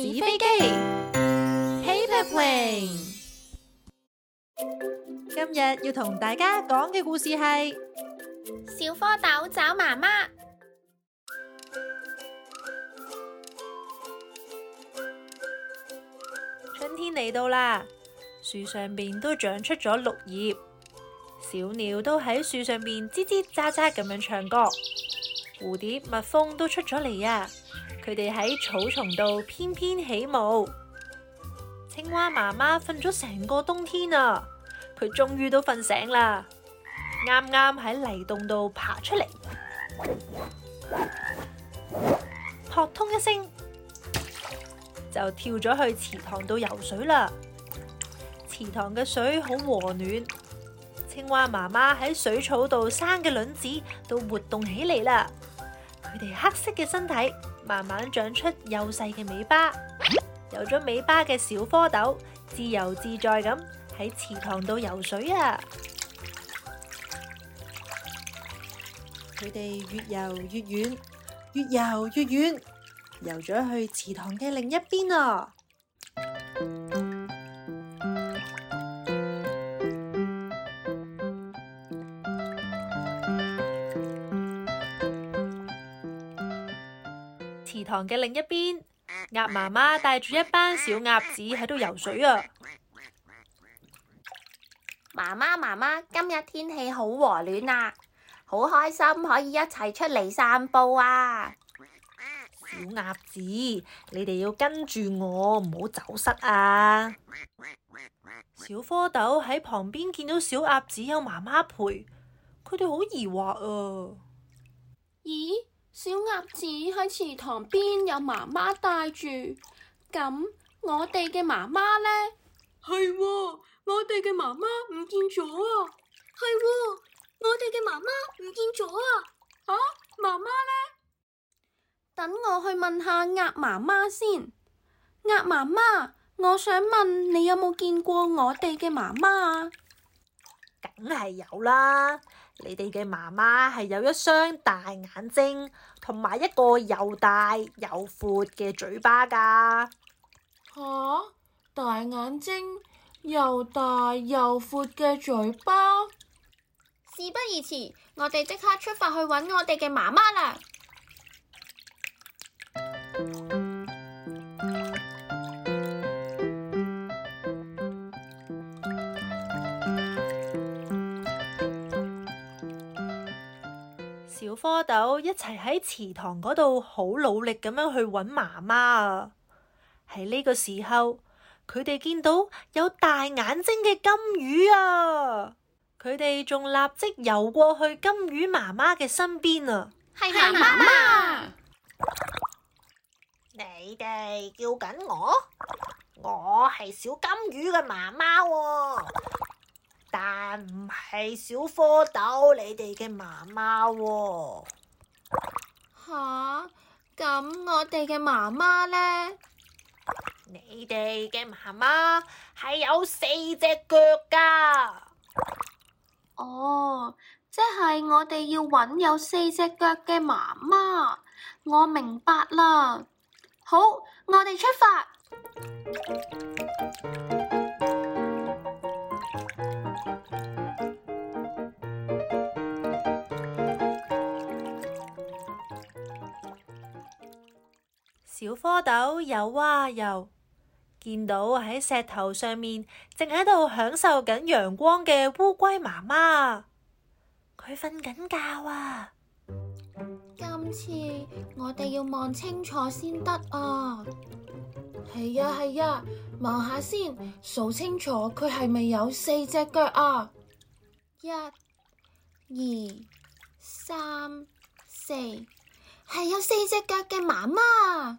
紙飛機，paper plane。今日要同大家講嘅故事係小蝌蚪找媽媽。春天嚟到啦，樹上邊都長出咗綠葉，小鳥都喺樹上面嘰嘰喳喳咁樣唱歌，蝴蝶、蜜蜂都出咗嚟呀。佢哋喺草叢度翩翩起舞。青蛙媽媽瞓咗成個冬天啊，佢終於都瞓醒啦，啱啱喺泥洞度爬出嚟，撲通一聲就跳咗去池塘度游水啦。池塘嘅水好和暖，青蛙媽媽喺水草度生嘅卵子都活動起嚟啦。佢哋黑色嘅身體。慢慢長出幼細嘅尾巴，有咗尾巴嘅小蝌蚪，自由自在咁喺池塘度游水啊！佢哋越游越遠，越游越遠，游咗去池塘嘅另一邊啊！池塘嘅另一邊，鴨媽媽帶住一班小鴨子喺度游水啊！媽媽媽媽，今日天氣好和暖啊，好開心可以一齊出嚟散步啊！小鴨子，你哋要跟住我，唔好走失啊！小蝌蚪喺旁邊見到小鴨子有媽媽陪，佢哋好疑惑啊！咦？小鴨子喺池塘邊有媽媽帶住，咁我哋嘅媽媽呢？係喎，我哋嘅媽媽唔見咗啊！係喎，我哋嘅媽媽唔見咗啊！啊，媽媽呢？等我去問下鴨媽媽先。鴨媽媽，我想問你有冇見過我哋嘅媽媽啊？梗係有啦。你哋嘅媽媽係有一雙大眼睛，同埋一個又大又闊嘅嘴巴㗎。吓、啊，大眼睛，又大又闊嘅嘴巴。事不宜遲，我哋即刻出發去揾我哋嘅媽媽啦。蝌蚪一齊喺池塘嗰度，好努力咁樣去揾媽媽啊！喺呢個時候，佢哋見到有大眼睛嘅金魚啊！佢哋仲立即游過去金魚媽媽嘅身邊啊！係咪媽媽？媽媽，你哋叫緊我，我係小金魚嘅媽媽。但唔係小蝌蚪，你哋嘅媽媽。吓，咁我哋嘅媽媽呢？你哋嘅媽媽係有四隻腳噶。哦，即係我哋要搵有四隻腳嘅媽媽。我明白啦。好，我哋出發。蝌蚪游啊游，見到喺石頭上面正喺度享受緊陽光嘅烏龜媽媽，佢瞓緊覺啊！今次我哋要望清楚先得啊！係啊係啊，望下先數清楚佢係咪有四隻腳啊？一、二、三、四，係有四隻腳嘅媽媽。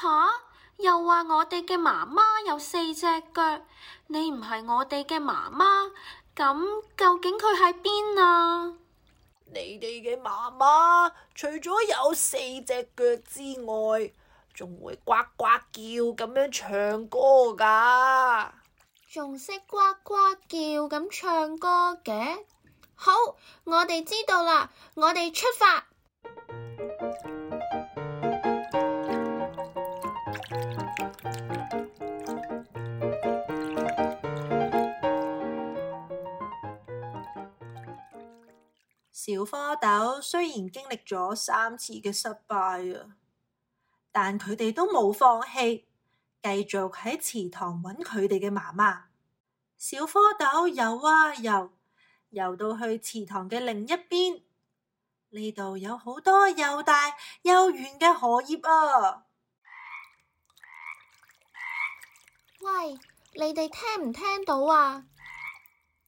吓、啊！又話我哋嘅媽媽有四隻腳，你唔係我哋嘅媽媽，咁究竟佢喺邊啊？你哋嘅媽媽除咗有四隻腳之外，仲會呱呱叫咁樣唱歌㗎，仲識呱呱叫咁唱歌嘅？好，我哋知道啦，我哋出發。小蝌蚪雖然經歷咗三次嘅失敗啊，但佢哋都冇放棄，繼續喺池塘揾佢哋嘅媽媽。小蝌蚪游啊游，游到去池塘嘅另一邊，呢度有好多又大又圓嘅荷葉啊！喂，你哋聽唔聽到啊？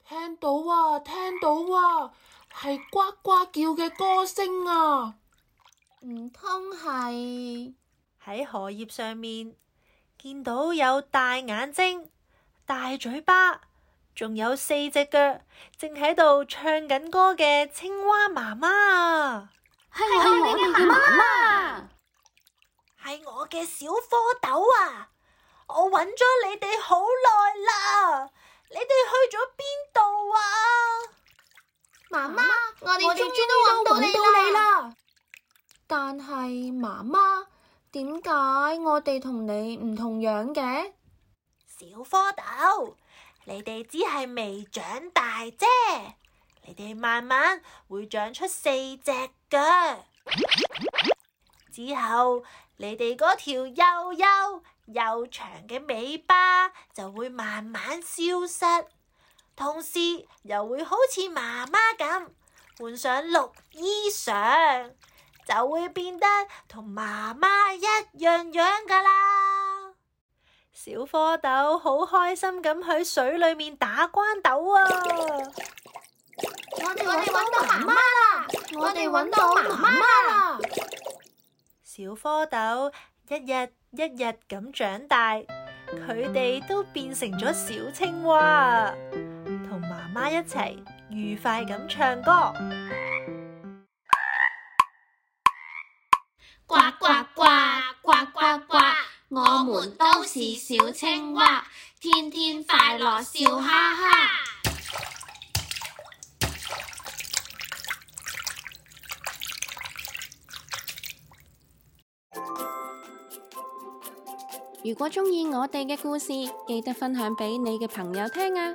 聽到啊！聽到啊！係呱呱叫嘅歌聲啊！唔通係喺荷葉上面見到有大眼睛、大嘴巴，仲有四隻腳，正喺度唱緊歌嘅青蛙媽媽。係我嘅媽媽，係我嘅小蝌蚪啊！我揾咗你哋好耐啦，你哋去咗邊度啊？媽媽，媽媽，我哋終於都搵到你啦！但係媽媽，點解我哋同你唔同樣嘅？小蝌蚪，你哋只係未長大啫，你哋慢慢會長出四隻腳，之後你哋嗰條又幼又長嘅尾巴就會慢慢消失。同時又會好似媽媽咁換上綠衣裳，就會變得同媽媽一樣樣噶啦。小蝌蚪好開心咁喺水裏面打關斗啊！我哋我哋搵到媽媽啦！我哋搵到媽媽啦！小蝌蚪一日一日咁長大，佢哋都變成咗小青蛙。媽一齊愉快咁唱歌，呱呱呱呱呱呱，我們都是小青蛙，天天快樂笑哈哈。如果中意我哋嘅故事，記得分享俾你嘅朋友聽啊！